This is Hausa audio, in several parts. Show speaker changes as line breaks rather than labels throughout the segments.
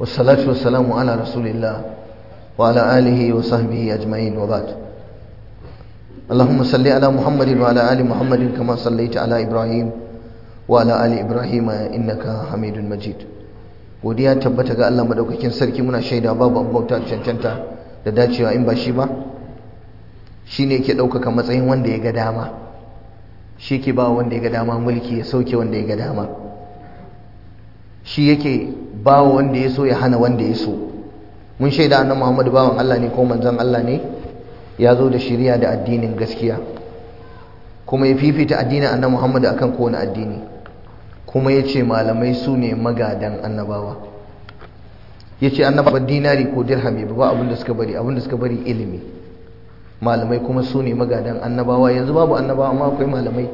والصلاة والسلام على رسول الله وعلى آله وصحبه أجمعين وبعد اللهم صل على محمد وعلى آل محمد كما صليت على إبراهيم وعلى آل إبراهيم إنك حميد مجيد godiya tabbata ga Allah madaukakin sarki muna shaida babu abauta cancanta da dacewa in ba shi ba shine yake ɗaukaka matsayin wanda ya ga dama shi ke ba wanda ya ga dama mulki ya sauke wanda ya ga dama shi yake bawa wanda ya so ya hana wanda ya so mun shaida annabi Muhammadu bawan Allah ne ko manzon Allah ne ya zo da shiriya da addinin gaskiya kuma ya fifita addinin annan Muhammadu akan kowane addini kuma ya ce malamai su ne magadan annabawa ya ce annabawa dinari ko dirhami ba abinda suka bari abinda suka bari ilimi malamai kuma su ne magadan annabawa yanzu babu annabawa amma akwai malamai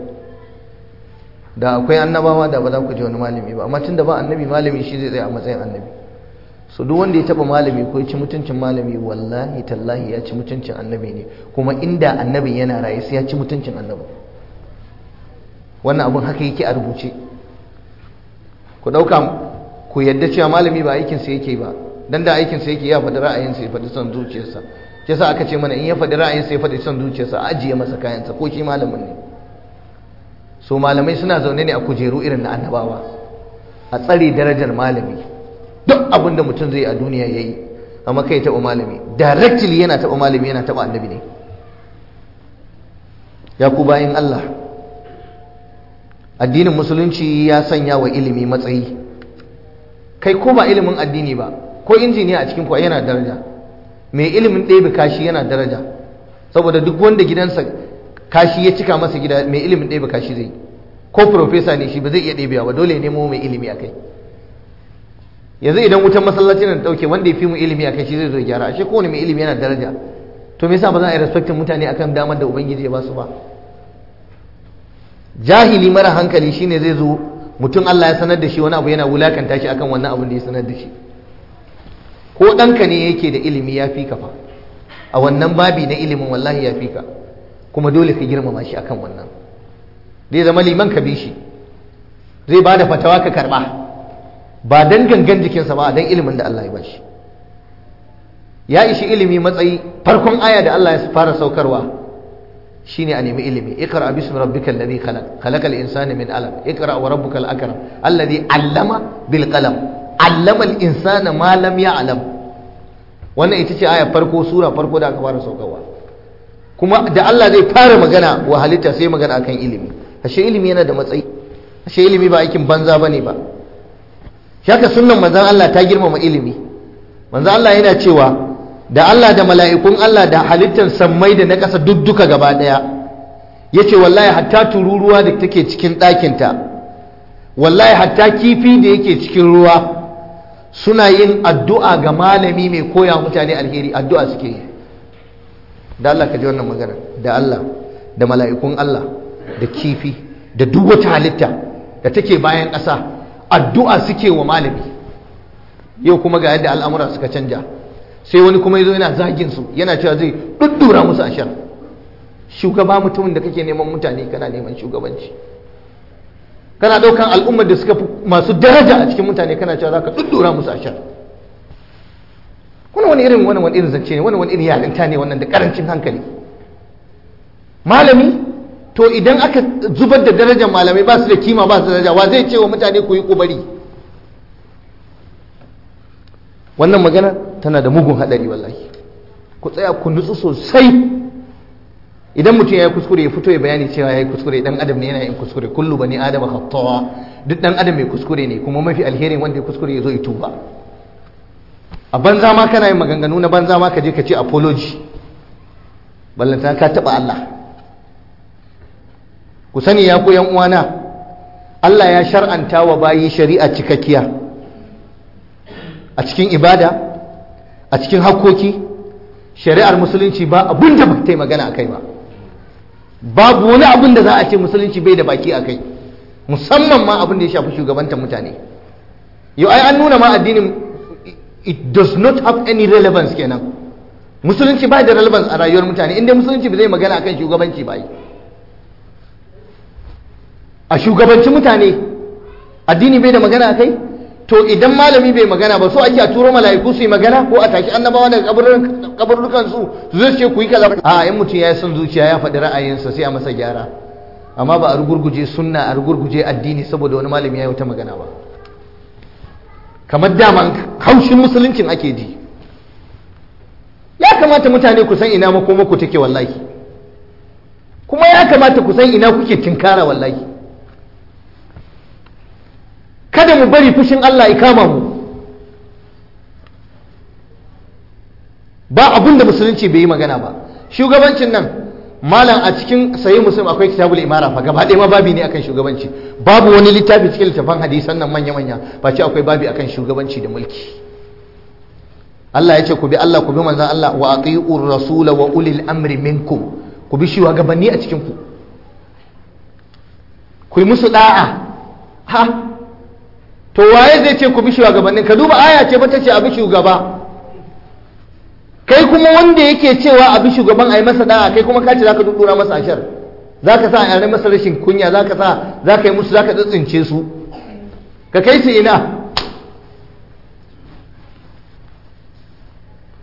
da akwai annabawa da ba za ku ji wani malami ba amma tun da ba annabi malami shi zai tsaya a matsayin annabi so duk wanda ya taba malami ko ya ci mutuncin malami wallahi tallahi ya ci mutuncin annabi ne kuma inda annabi yana raye sai ya ci mutuncin annabi wannan abin haka yake a rubuce ku dauka ku yadda cewa malami ba aikin sa yake ba dan da aikin sa yake ya faɗi ra'ayin sa ya faɗi son zuciyarsa sa aka ce mana in ya faɗi ra'ayin sa ya faɗi son zuciyarsa ajiye masa kayan sa ko shi malamin ne so malamai suna zaune ne a kujeru irin na annabawa a tsare darajar malami duk abinda mutum zai a duniya ya yi amma kai taɓa malami directly yana taɓa malami yana taɓa annabi ne ya ku Allah addinin musulunci ya sanya wa ilimi matsayi kai ko ba ilimin addini ba ko injiniya a cikin kuwa yana daraja mai ilimin ɗebe kashi yana daraja saboda duk wanda gidansa kashi ya cika masa gida mai ilimin ba kashi zai ko profesa ne shi ba zai iya ɗaya ba dole nemo mai ilimi a kai yanzu idan wutan masallacin da ɗauke wanda ya fi mu ilimi a kai shi zai zo gyara ashe kowane mai ilimi yana daraja to me yasa ba za a yi respectin mutane akan damar da ubangiji ya ba su ba jahili mara hankali shine zai zo mutum Allah ya sanar da shi wani abu yana wulakanta shi akan wannan abun da ya sanar da shi ko ɗanka ne yake da ilimi ya fi ka fa a wannan babi na ilimin wallahi ya fi ka kuma dole ka girmama shi akan wannan zai zama liman ka bi shi zai ba da fatawa ka karba ba dan gangan jikinsa ba dan ilimin da Allah ya bashi ya ishi ilimi matsayi farkon aya da Allah ya fara saukarwa shine a nemi ilimi iqra bi rabbikal ladhi khalaq khalaqal insana min alam, ikara wa rabbukal akram alladhi allama bil qalam allama al insana ma lam wannan ita ce aya farko sura farko da aka fara saukarwa kuma da Allah zai fara magana wa halitta sai magana akan ilimi ashe ilimi yana da matsayi ashe ilimi ba aikin banza bane ba shaka sunnan manzon Allah ta girmama ilimi manzon Allah yana cewa da Allah da mala'ikun Allah da halittan sammai da na ƙasa duka gaba ɗaya yace wallahi hatta tururuwa da take cikin ɗakinta wallahi hatta kifi da yake cikin ruwa suna yin addu'a ga malami mai koya mutane alheri addu'a suke yi da Allah ka ji wannan magana da Allah da mala'ikun Allah da kifi da duk wata halitta da take bayan ƙasa addu'a suke wa malami yau kuma ga yadda al'amura suka canja sai wani kuma ya zo yana zagin su yana cewa zai ɗuddura musu shan shugaba mutumin da kake neman mutane kana neman shugabanci kana ɗaukan al'ummar da suka fi masu daraja a cikin mutane kana cewa za ka ɗuddura musu shan wani wani irin wani wani irin zance ne wani wani irin yalinta ne wannan da karancin hankali malami to idan aka zubar da darajar malamai ba su da kima ba su da daraja wa zai ce wa mutane ku yi kubari wannan magana tana da mugun hadari wallahi ku tsaya ku nutsu sosai idan mutum ya yi kuskure ya fito ya bayani cewa ya yi kuskure dan adam ne yana yin kuskure kullu bani adama khatawa duk dan adam mai kuskure ne kuma mafi alherin wanda ya kuskure ya zo ya tuba a banza ma kana yin maganganu na banza ma ka je ka ce apology ballanta ka taba Allah ku sani ya ku yan uwana Allah ya shar'anta wa bayi shari'a cikakkiya a cikin ibada a cikin hakkoki shari'ar musulunci ba abun da ba ta magana akai ba babu wani abun da za a ce musulunci bai da baki akai, musamman ma abin da ya shafi shugabantar mutane yau ai an nuna ma addinin it does not have any relevance kenan musulunci ba da relevance a rayuwar mutane inda musulunci ba zai magana akan shugabanci ba a shugabanci mutane addini bai da magana kai, to idan malami bai magana ba so ake a turo mala'iku su yi magana ko a tashi annabawa daga kaburukan su su zai ce ku yi kaza a in mutum ya yi son zuciya ya faɗi ra'ayinsa sai a masa gyara amma ba a rugurguje sunna a rugurguje addini saboda wani malami ya yi wata magana ba kamar dama haushin musuluncin ake ji ya kamata mutane ku san ina makomako take wallahi kuma ya kamata ku san ina kuke tinkara wallahi kada mu bari fushin Allah ya kama mu ba abunda musulunci bai yi magana ba shugabancin nan malam a cikin sayi muslim akwai kitabul imara fa gaba ɗaya ma babi ne akan shugabanci babu wani littafi cikin littafan hadisan nan manya manya ba ce akwai babi akan shugabanci da mulki Allah ya ce ku bi Allah ku bi manzon Allah wa atiur rasula wa ulil amri minkum ku bi gabanni a cikin ku ku yi musu da'a ha to waye zai ce ku bi shugabanni ka duba aya ce ba ta ce a bi shugaba kai kuma wanda yake cewa abin shugaban a yi masa da'a kai kuma kaci zaka za ka dudura masa ashar za ka sa a yi masa rashin kunya za ka sa za ka yi musu za ka tsintsince su ka kai su ina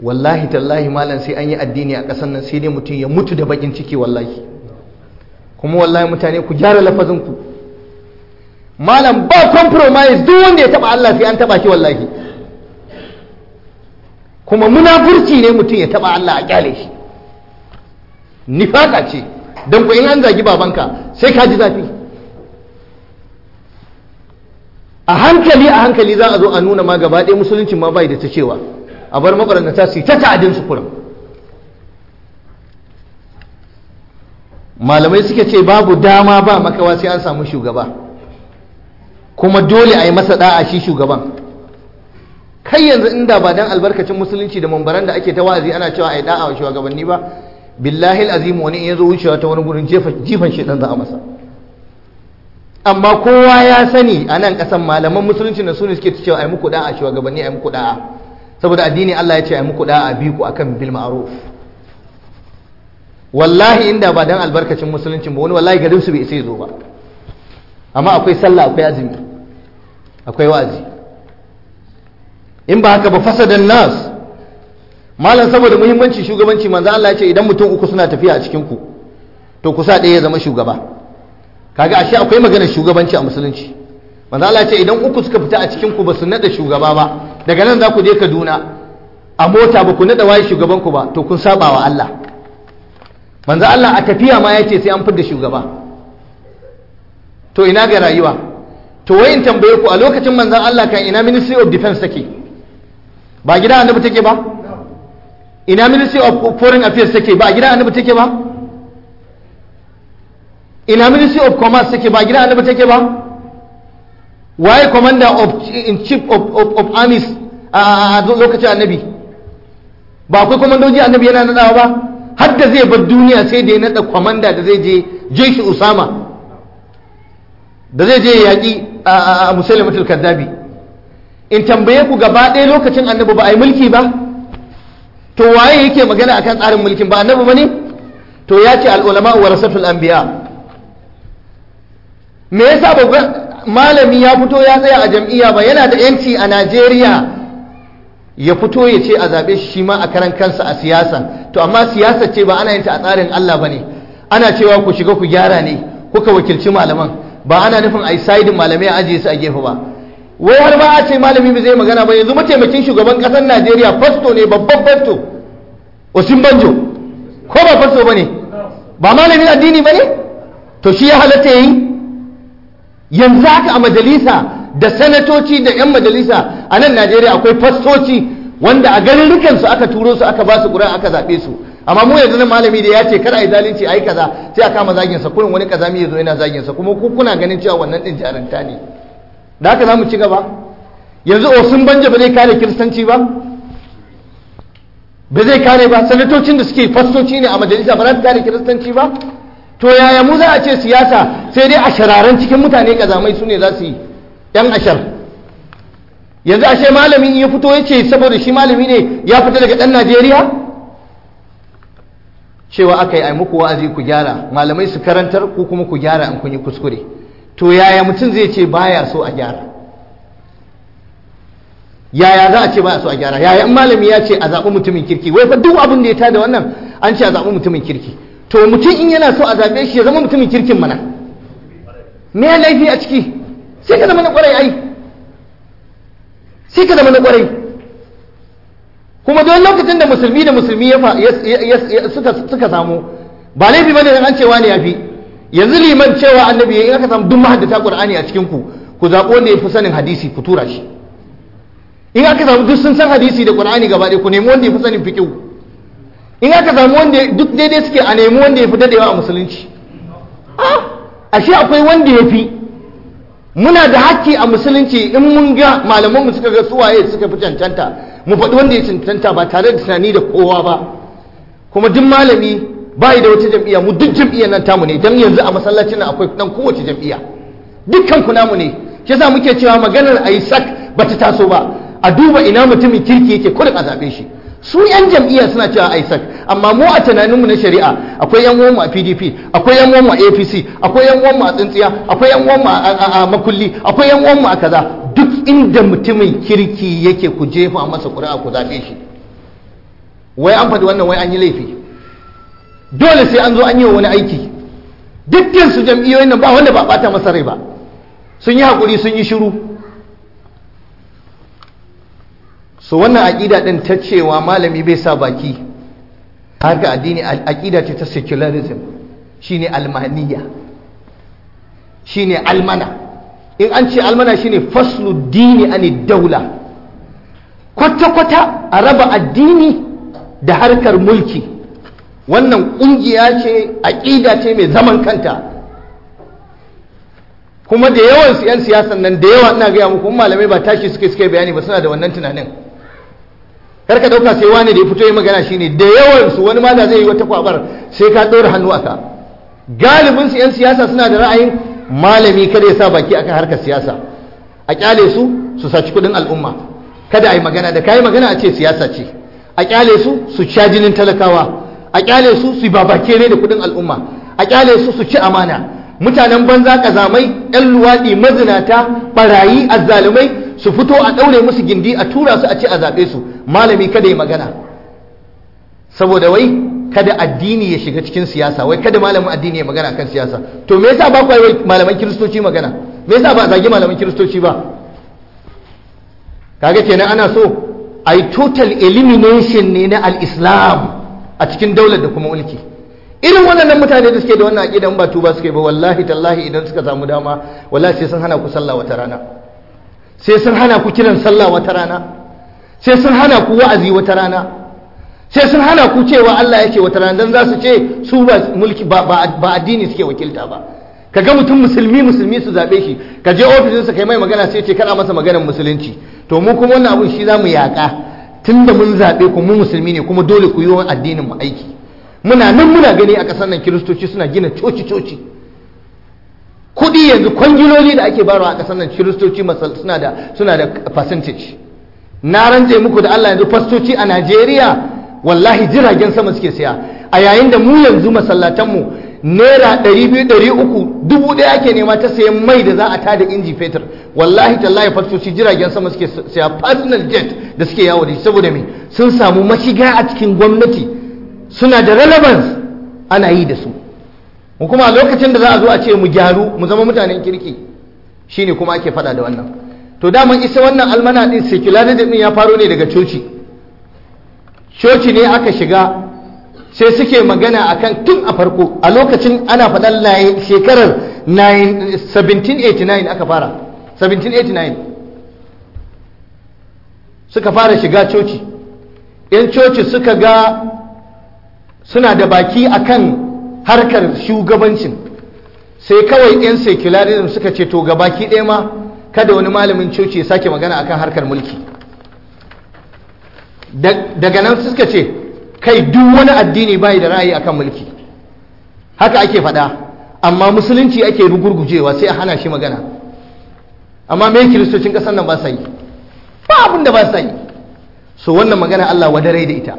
wallahi tallahi malam sai an yi addini a ƙasar nan sai dai mutum ya mutu da bakin ciki wallahi kuma wallahi mutane ku gyara lafazinku malam ba compromise duk wanda ya taba Allah sai an taba shi wallahi kuma munafurci ne mutum ya taba Allah a kyale shi nifaka ce don ku in an zagi babanka sai ka ji zafi a hankali a hankali za a zo a nuna ma gaba ɗaya musulunci ma bai da ta cewa a bar mabarnata su yi ta ta'adin su kura. malamai suke ce babu dama ba makawa sai an samu shugaba kuma dole a yi masa da'a shi shugaban kai yanzu inda ba dan albarkacin musulunci da mambaran da ake ta wa'azi ana cewa ai da'a wa shugabanni ba billahi alazim wani in yazo wucewa ta wani gurin jifan shedan za a masa amma kowa ya sani a nan kasan malaman musulunci na sune suke ta cewa ai muku da'a shugabanni ai muku da'a saboda addini Allah ya ce ai muku da'a bi ku akan bil ma'ruf wallahi inda ba dan albarkacin musulunci ba wani wallahi garin su bai sai zo ba amma akwai sallah akwai azumi akwai wa'azi in ba haka ba fasadan nas malam saboda muhimmancin shugabanci manzo Allah ya ce idan mutum uku suna tafiya a cikin ku to ku sa ɗaya ya zama shugaba kaga ashe akwai maganar shugabanci a musulunci manzo Allah ya ce idan uku suka fita a cikin ku ba su nada shugaba ba daga nan za ku je Kaduna a mota ba ku nada waye shugaban ku ba to kun saba wa Allah manzo Allah a tafiya ma ya ce sai an fidda shugaba to ina ga rayuwa to wayin tambaye ku a lokacin manzo Allah kan ina ministry of defense take ba gida annabi take ba ina ministry of foreign affairs take ba gida annabi take ba ina ministry of commerce take ba gida annabi take ba waye commander of in chief of of, of armies a lokacin annabi ba akwai komandoji annabi yana nadawa ba har da zai bar duniya sai da ya nada kwamanda da zai je jeshi usama da zai je yaƙi a musulmatul kaddabi in tambaye ku gaba ɗaya lokacin annabi ba a yi mulki ba to waye yake magana akan tsarin mulkin ba annabi ba ne to ya ce al'ulama wa rasatul anbiya me yasa ba malami ya fito ya tsaya a jam'iyya ba yana da yanci a najeriya ya fito ya ce a zaɓe shi ma a karan kansa a siyasa to amma siyasa ce ba ana yin ta a tsarin allah ba ne ana cewa ku shiga ku gyara ne kuka wakilci malaman ba ana nufin a yi saidin malamai a ajiye su a gefe ba wai har ba a ce malami ba zai magana ba yanzu mataimakin shugaban kasar najeriya fasto ne babban fasto osin banjo ko ba fasto ba ne ba malamin addini ba ne to shi ya halatta yi yanzu haka a majalisa da sanatoci da 'yan majalisa a nan najeriya akwai fastoci wanda a garin su aka turo su aka ba su ƙura aka zaɓe su amma mu yanzu nan malami da ya ce kar a yi zalunci a yi kaza sai a kama zagin sa kurin wani kaza mu yanzu yana zagin sa kuma ku kuna ganin cewa wannan din jaranta ne da haka za mu ci gaba yanzu osun banja ba zai kare kiristanci ba ba zai kare ba sanatocin da suke fastoci ne a majalisa ba za su kare kiristanci ba to yaya mu za a ce siyasa sai dai a shararen cikin mutane kazamai su ne za su yi yan ashar yanzu ashe malami ya fito ya ce saboda shi malami ne ya fita daga dan najeriya cewa aka yi muku wa'azi ku gyara malamai su karantar ku kuma ku gyara in kun yi kuskure to yaya mutum zai ce baya so a gyara yaya za a ce baya so a gyara yaya in malami ya ce a zaɓi mutumin kirki wai fa duk abin da ya tada wannan an ce a zaɓi mutumin kirki to mutum in yana so a zaɓe shi ya zama mutumin kirkin mana me ya laifi a ciki sai ka zama na ƙwarai ai sai ka zama na ƙwarai kuma don lokacin da musulmi da musulmi ya suka samu ba laifi bane an cewa ne ya fi yanzu liman cewa annabi ya yi aka samu duk mahaddata ƙur'ani a cikinku, ku zaɓo wanda ne fi sanin hadisi ku tura shi in aka samu duk sun san hadisi da ƙur'ani gaba ɗaya ku nemi wanda ya fi sanin fiqh in aka samu wanda duk daidai suke a nemi wanda ya fi dadewa a musulunci ashe akwai wanda ya fi muna da haƙƙi a musulunci in mun ga malaman mu suka ga suwaye suka fi cancanta mu faɗi wanda ya cancanta ba tare da tunani da kowa ba kuma duk malami bai da wata jam'iyya mu duk jam'iyyar nan tamu ne dan yanzu a masallacin nan akwai dan kowace jam'iyya dukkan ku namu ne shi yasa muke cewa maganar Isaac bata taso ba a duba ina mutumin kirki yake kurin a zabe shi su yan jam'iyya suna cewa Isaac amma mu a tunaninmu na shari'a akwai yan uwanmu a PDP akwai yan uwanmu a APC akwai yan uwanmu a tsintsiya akwai yan uwanmu a makulli akwai yan mu a kaza duk inda mutumin kirki yake ku jefa masa ƙuri'a ku zabe shi wai an faɗi wannan wai an yi laifi dole sai an zo an yi wa wani aiki dukkan su jam'iyyoyin nan ba wanda ba bata masa rai ba sun yi hakuri sun yi shiru so wannan aƙida ɗin ta cewa malami bai sa baki ga addini aƙida ce ta secularism shine almaniya shine almana in an ce almana shine faslu dini ani daula kwata-kwata a raba addini da harkar mulki wannan ƙungiya ce aƙida ce mai zaman kanta kuma da yawan su 'yan siyasan nan da yawa ina gaya muku malamai ba tashi suke suke bayani ba suna da wannan tunanin karka ka ɗauka sai wani da ya fito yi magana shine da yawan su wani mata zai yi wata kwabar sai ka ɗora hannu a ka galibin su 'yan siyasa suna da ra'ayin malami kada ya sa baki akan harkar siyasa a kyale su su saci kuɗin al'umma kada a yi magana da ka magana a ce siyasa ce a kyale su su sha jinin talakawa a kyale su su babake ne da kudin al'umma a kyale su su ci amana mutanen banza kazamai yan luwaɗi mazinata barayi azzalumai su fito a ɗaure musu gindi a tura su a ci a zaɓe su malami kada ya magana saboda wai kada addini ya shiga cikin siyasa wai kada malamin addini ya magana kan siyasa to me yasa ba ku yi malaman kiristoci magana me yasa ba zagi malaman kiristoci ba kaga kenan ana so ai total elimination ne na al-islam a cikin daular da kuma mulki irin wannan mutane da suke da wannan aqida in ba tuba suke ba wallahi tallahi idan suka samu dama wallahi sai sun hana ku sallah wata rana sai sun hana ku kiran sallah wata rana sai sun hana ku wa'azi wata rana sai sun hana ku cewa Allah yake wata rana dan za su ce su ba mulki ba addini suke wakilta ba ka ga mutum musulmi musulmi su zaɓe shi ka je ofisinsa kai mai magana sai ce kana masa maganar musulunci to mu kuma wannan abun shi za mu yaƙa Tun da mun zaɓe ku mu musulmi ne kuma dole ku yi wa addinin mu aiki muna nan muna gani a ƙasar nan kiristoci suna gina coci coci kuɗi yanzu kwangiloli da ake barawa a ƙasar nan kiristoci suna da suna da percentage na rantse muku da Allah yanzu fastoci a Najeriya wallahi jiragen sama suke siya a yayin da mu yanzu masallatan mu naira 200 300 dubu ɗaya ake nema ta sayan mai da za a tada inji fetur wallahi tallahi fastoci jiragen sama suke saya personal jet da suke yawo da saboda mai sun samu mashiga a cikin gwamnati suna da relevance ana yi da su mu kuma lokacin da za a zo a ce mu gyaru mu zama mutanen kirki shine kuma ake fada da wannan to daman isa wannan almana din secularism din ya faro ne daga coci coci ne aka shiga sai suke magana akan tun a farko a lokacin ana faɗan shekarar 1789 aka fara 1789 suka fara shiga coci yan coci suka ga suna da baki akan harkar shugabancin sai kawai yan secularism suka ce to ga baki ɗaya ma kada wani malamin coci ya sake magana akan harkar mulki daga nan suka ce kai duk wani addini bai da ra'ayi akan mulki haka ake faɗa amma musulunci ake rugurgujewa sai a hana shi magana amma me kiristocin ƙasar nan ba sa yi ba abin da ba sa yi so wannan magana Allah dare da ita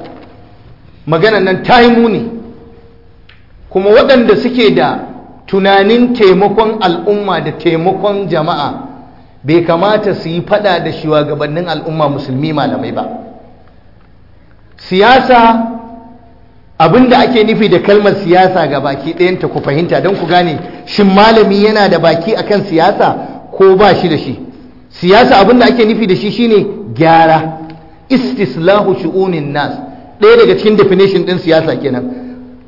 maganan nan ta yi muni kuma waɗanda suke da tunanin taimakon al'umma da taimakon jama'a bai kamata su yi faɗa da shugabannin al'umma musulmi malamai ba siyasa abinda ake nufi da kalmar siyasa ga baki ɗayanta ku fahimta don ku gane shin malami yana da baki akan siyasa ko ba shi da shi siyasa abinda ake nufi da shi shine gyara istislahu shu'unin nas ɗaya daga cikin definition ɗin siyasa kenan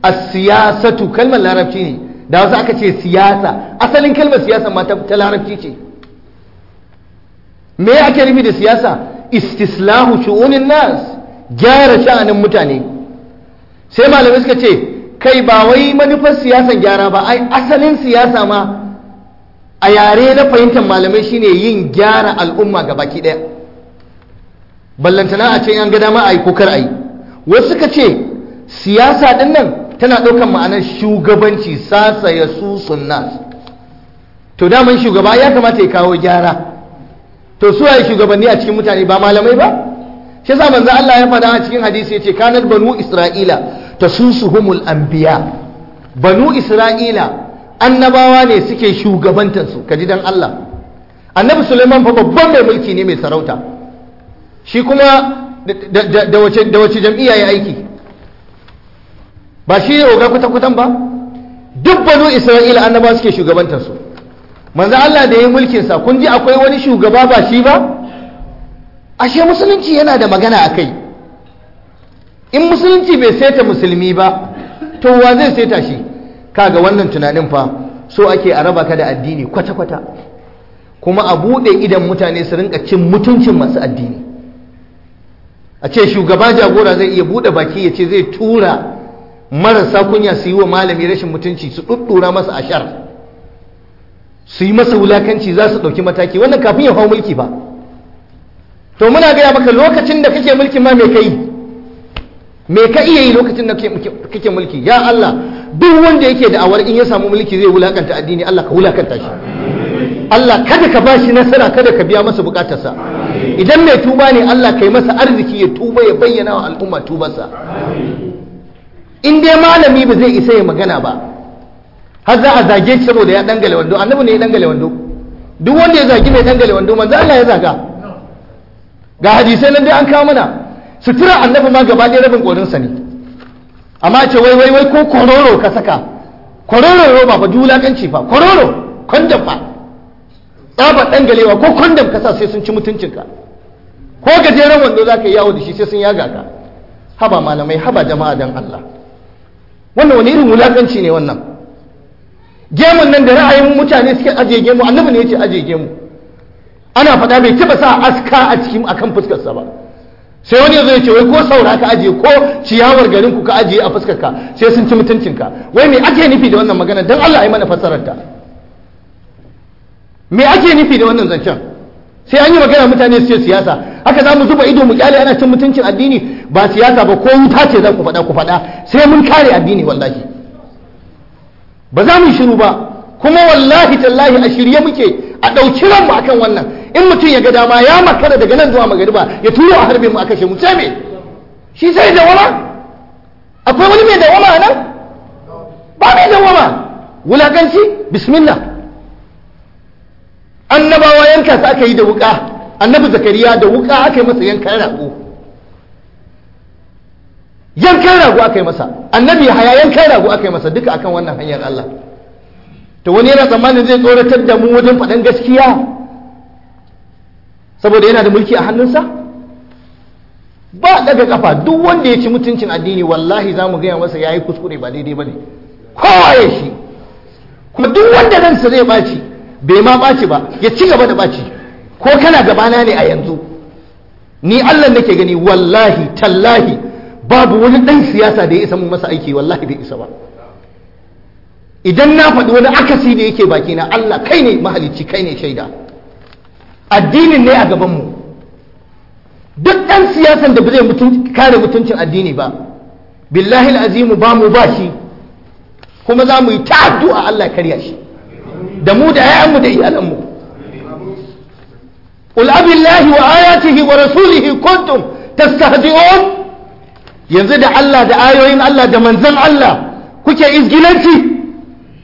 A siyasatu kalmar larabci ne da wasu aka ce siyasa asalin kalmar siyasa ma ta larabci ce me ake nufi da siyasa istislahu shu'unin nas gyara sha'anin mutane sai malamai suka ce kai ba wai manufar siyasan gyara ba ai asalin siyasa ma a yare na fahimtar malamai shine yin gyara al'umma ga baki ɗaya ballantana a ce an ga dama a yi kokar a wasu suka ce siyasa ɗin nan tana ɗaukar ma'anar shugabanci sasa ya su sunna to daman shugaba ya kamata ya kawo gyara to su shugabanni a cikin mutane ba malamai ba shi za manzo Allah ya faɗa a cikin hadisi yace kanar banu isra'ila tasusuhumul anbiya banu isra'ila annabawa ne suke shugabantar su kaji dan Allah annabi Sulaiman fa babban mai mulki ne mai sarauta shi kuma da wace da wace jam'iyya ya aiki ba shi ne oga kuta kutan ba duk banu isra'ila annabawa suke shugabantar su manzo Allah da ya mulkin sa kun ji akwai wani shugaba ba shi ba ashe musulunci yana da magana a kai in musulunci bai saita musulmi ba to wa zai saita shi kaga wannan tunanin fa so ake a raba ka da addini kwata-kwata kuma a buɗe idan mutane su rinka cin mutuncin masu addini a ce shugaba jagora zai iya buɗe baki ya ce zai tura marasa kunya su yi wa malami rashin mutunci su ɗuɗɗura masa ashar su yi masa wulakanci za su ɗauki mataki wannan kafin ya hau mulki ba to muna gaya maka lokacin da kake mulki ma me kai me ka iya yi lokacin da kake mulki ya Allah duk wanda yake da awar in ya samu mulki zai wulakanta addini Allah ka wulakanta shi Allah kada ka bashi nasara kada ka biya masa bukatarsa idan mai tuba ne Allah kai masa arziki ya tuba ya bayyana wa al'umma tubarsa in dai malami ba zai isa ya magana ba har za a zage shi saboda ya dangale wando annabi ne ya dangale wando duk wanda ya zagi mai dangale wando manzo Allah ya zaga ga hadisai nan dai an kawo mana sutura annabi ma gaba ɗaya rabin ƙorinsa ne amma ce wai wai wai ko kororo ka saka kororo roba fa wulaƙanci fa kororo kondom fa tsaba ɗan galewa ko kwandam ka sa sai sun ci mutuncinka ko gajeren wando za ka yi yawo da shi sai sun yaga ka haba malamai haba jama'a dan Allah wannan wani irin wulaƙanci ne wannan gemun nan da ra'ayin mutane suke ajiye gemu annabi ne ya ce ajiye gemu ana faɗa bai taɓa sa aska a cikin akan fuskarsa ba sai wani ya ce wai ko saura ka ajiye ko ciyawar garin ku ka ajiye a fuskarka sai sun ci mutuncinka wai me ake nufi da wannan magana dan Allah ya mana fassarar ta me ake nufi da wannan zancen sai an yi magana mutane su ce siyasa haka za mu zuba ido mu kyale ana cin mutuncin addini ba siyasa ba ko wuta ce za ku faɗa ku faɗa sai mun kare addini wallahi ba za mu shiru ba kuma wallahi tallahi a shirye muke a ɗauki ranmu akan wannan in mutum ya ga dama ya makara daga nan zuwa magariba ya turo a harbe mu a kashe mu sai me shi sai dawama akwai wani mai dawama nan ba mai dawama wulakanci bismillah annabawa yanka su aka yi da wuka annabi zakariya da wuka aka yi masa yankan rago yankan rago aka yi masa annabi haya yankan rago aka yi masa duka akan wannan hanyar Allah to wani yana tsammanin zai tsoratar da mu wajen faɗan gaskiya saboda yana da mulki a hannunsa ba daga kafa duk wanda ya ci mutuncin addini wallahi za mu gaya masa ya yi kuskure ba daidai ba ne kowa shi kuma duk wanda ransa zai ɓaci bai ma ɓaci ba ya ci gaba da ɓaci ko kana gabana ne a yanzu ni allah nake gani wallahi tallahi babu wani ɗan siyasa da ya isa mu masa aiki wallahi bai isa ba idan na faɗi wani akasi da yake na allah kai ne mahalicci kai ne shaida addinin ne a gabanmu duk ɗan siyasan da ba zai kare mutuncin addini ba billahi azimu ba mu ba shi kuma za mu yi ta'addu a Allah karya shi da mu da ƴaƴanmu da iyalanmu qul abillahi wa ayatihi wa rasulihi kuntum yanzu da Allah da ayoyin Allah da manzon Allah kuke izgilanci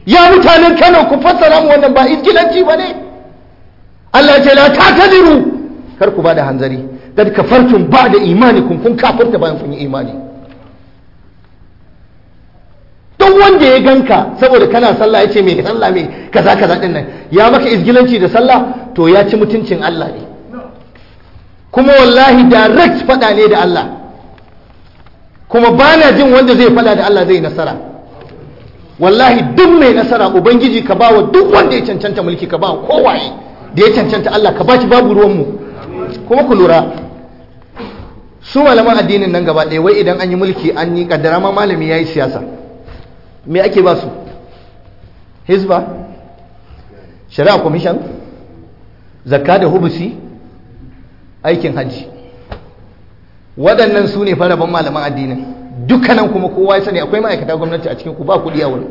ya mutanen Kano ku fassara mu wannan ba izgilanci ba ne
Allah ya ce la tatadiru
kar ku bada hanzari kad ba da imani kun kafarta bayan kun yi imani duk wanda ya ganka saboda kana sallah yace me sallah me kaza kaza din nan ya maka izgilanci da sallah to ya ci mutuncin Allah ne kuma wallahi direct fada ne da Allah kuma bana jin wanda zai fada da Allah zai nasara wallahi duk mai nasara ubangiji ka bawa duk wanda ya cancanta mulki ka bawa kowaye da ya cancanta Allah ka baci babu ruwanmu kuma ku lura su malaman addinin nan gaba ɗaya wai idan an yi mulki an yi kaddara ma malami ya yi siyasa me ake ba su hizba shari'a commission zakka da hubusi aikin hajji waɗannan su ne faraban malaman addinin dukkanan kuma kowa ya sani akwai ma'aikata gwamnati a cikin ku ba kuɗi a wurin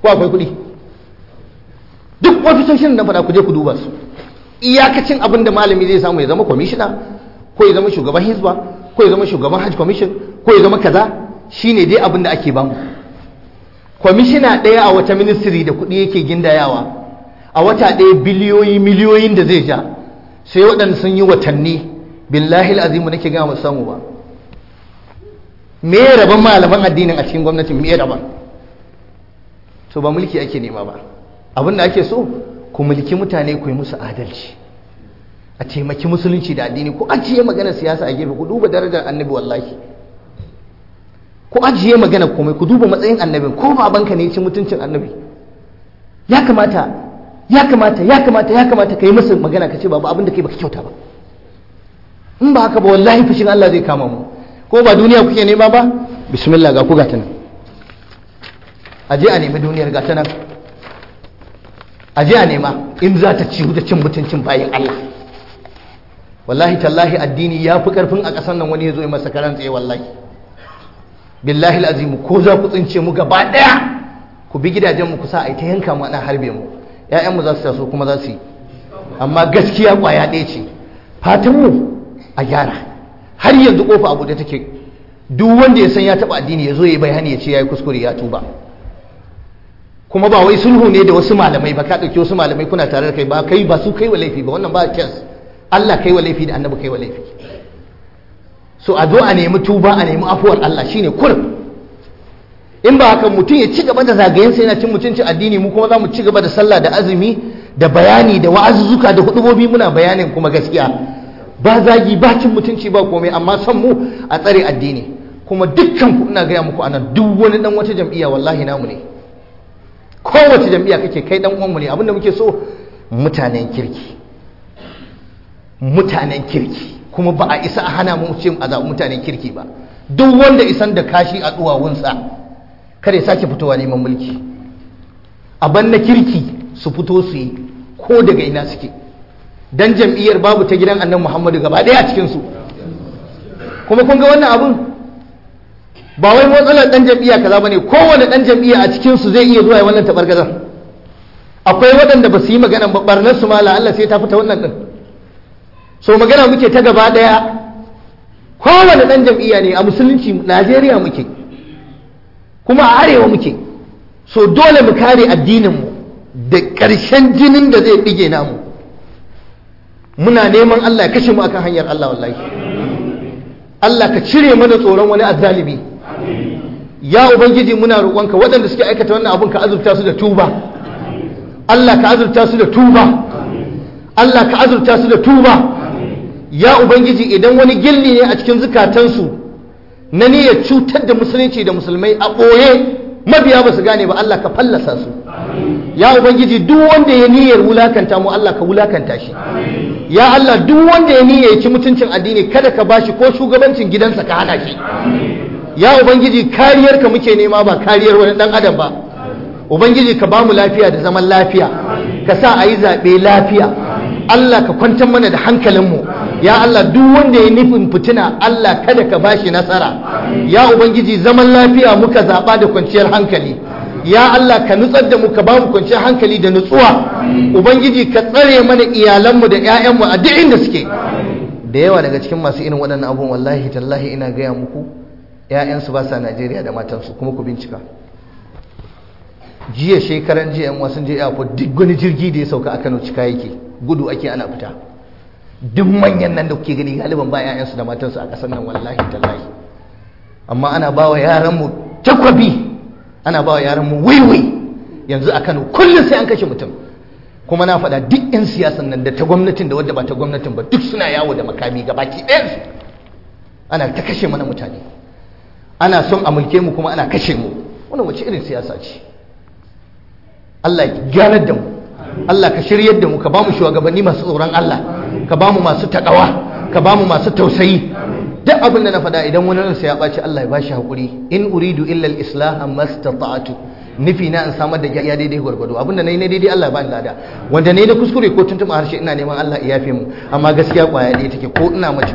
ko akwai kuɗi duk wasu shirin da faɗa ku je ku duba su iyakacin abin da malami zai samu ya zama kwamishina ko ya zama shugaban hizba ko ya zama shugaban hajj commission ko ya zama kaza shine dai abin da ake bamu kwamishina ɗaya a wata ministry da kuɗi yake gindayawa a wata ɗaya biliyoyi miliyoyin da zai ja sai waɗanda sun yi watanni billahi azimu nake gama samu ba me rabon malaman addinin a cikin gwamnatin me rabon to ba mulki ake nema ba abin da ake so ku mulki mutane ku yi musu adalci a taimaki musulunci da addini ku ajiye magana siyasa a gefe ku duba darajar annabi wallahi ku ajiye magana komai ku duba matsayin annabin ko banka ne ya ci mutuncin annabi ya kamata ya kamata ya kamata ya kamata ka yi musu magana ka ce babu abin da kai baka kyauta ba in ba haka ba wallahi fushin Allah zai kama mu ko ba duniya kuke nema ba bismillah ga ku ga nan aje a nemi duniyar ga nan a jiya nema in za ta ci da cin mutuncin bayan Allah wallahi tallahi addini ya fi karfin a ƙasar nan wani ya zo masa karan tsaye wallahi billahi azimu ko za ku tsince mu gaba ɗaya ku bi gidajen mu kusa a ta yanka mu ana harbe mu ƴaƴan mu za su taso kuma za su yi amma gaskiya kwaya ɗaya ce fatan a gyara har yanzu kofa abu da take duk wanda ya san ya taɓa addini ya zo ya yi bayani ya ce ya yi kuskure ya tuba kuma ba wai sulhu ne da wasu malamai ba ka ɗauki wasu malamai kuna tare da kai ba kai ba su kai wa laifi ba wannan ba kyas Allah kai wa laifi da annabi kai wa laifi so a zo a nemi tuba a nemi afuwar Allah shine kur in ba haka mutum ya ci gaba da zagayen sai na cin mutuncin addini mu kuma za mu ci gaba da sallah da azumi da bayani da wa'azuzzuka da hudubobi muna bayanin kuma gaskiya ba zagi ba cin mutunci ba komai amma son mu a tsare addini kuma dukkan ku ina gaya muku anan duk wani dan wata jam'iyya wallahi namu ne kowace jami'a kake kai dan uwan uwanmu ne abinda muke so mutanen kirki mutanen kirki kuma ba a isa a hana mu ce a zaɓi mutanen kirki ba duk wanda isan da kashi a duwawunsa kada ya sake fitowa neman mulki a banna kirki su fito su yi ko daga ina suke dan jam'iyyar babu ta gidan annan muhammadu gaba ɗaya a cikinsu kuma kun ga wannan abun ba wai matsalar dan jam'iyya kaza bane kowanne dan jam'iyya a cikin su zai iya zuwa wannan tabargazar akwai waɗanda ba su yi magana ba barnar su ma Allah sai ta fita wannan din so magana muke ta gaba daya kowanne dan jam'iyya ne a musulunci Najeriya muke kuma a arewa muke so dole mu kare addinin mu da ƙarshen jinin da zai ɗige namu muna neman Allah ya kashe mu akan hanyar Allah wallahi Allah ka cire mana tsoron wani azzalimi ya ubangiji muna roƙonka waɗanda suke aikata wannan abun ka azurta su da tuba Allah ka azurta su da tuba Allah ka azurta su da tuba ya ubangiji idan wani gilli ne a cikin zukatansu na niyyar cutar da musulunci da musulmai a ɓoye mabiya ba su gane ba Allah ka fallasa su ya ubangiji duk wanda ya niyyar wulakanta mu Allah ka wulakanta shi ya Allah duk wanda ya niyyar ci mutuncin addini kada ka bashi ko shugabancin gidansa ka hana shi ya ubangiji kariyarka muke nema ba kariyar wani dan adam ba ubangiji ka bamu lafiya da zaman lafiya ka sa a yi zaɓe lafiya Allah ka kwantar mana da hankalinmu ya Allah duk wanda ya nufin fitina Allah kada ka bashi nasara ya ubangiji zaman lafiya muka zaɓa da kwanciyar hankali ya Allah ka nutsar da mu ka ba kwanciyar hankali da nutsuwa ubangiji ka tsare mana iyalanmu da 'ya'yanmu a duk inda suke da yawa daga cikin masu irin waɗannan abubuwan wallahi tallahi ina gaya muku 'ya'yansu ba sa najeriya da matansu kuma ku bincika jiya shekaran jiya yan wasu je airport duk wani jirgi da ya sauka a kano cika yake gudu ake ana fita duk manyan nan da kuke gani galiban ba 'ya'yansu da matansu a ƙasar nan wallahi tallahi amma ana ba wa yaranmu takwabi ana ba wa yaranmu wiwi yanzu a kano kullum sai an kashe mutum kuma na faɗa duk 'yan siyasan nan da ta gwamnatin da wadda ba ta gwamnatin ba duk suna yawo da makami gabaki ɗayansu ana ta kashe mana mutane ana son a mulke mu kuma ana kashe mu wannan wace irin siyasa ce Allah ya ganar da mu Allah ka shiryar da mu ka bamu shugabanni masu tsoron Allah ka bamu masu takawa ka bamu masu tausayi duk abin da na faɗa idan wani ransa ya ɓaci Allah ya bashi haƙuri in uridu illa al-islah mastata'tu nufi na an samar da ya daidai gwargwado abin da nayi na daidai Allah ba ni lada wanda nayi na kuskure ko tuntuma harshe ina neman Allah ya yafe mu amma gaskiya kwaya ɗaya take ko ina mace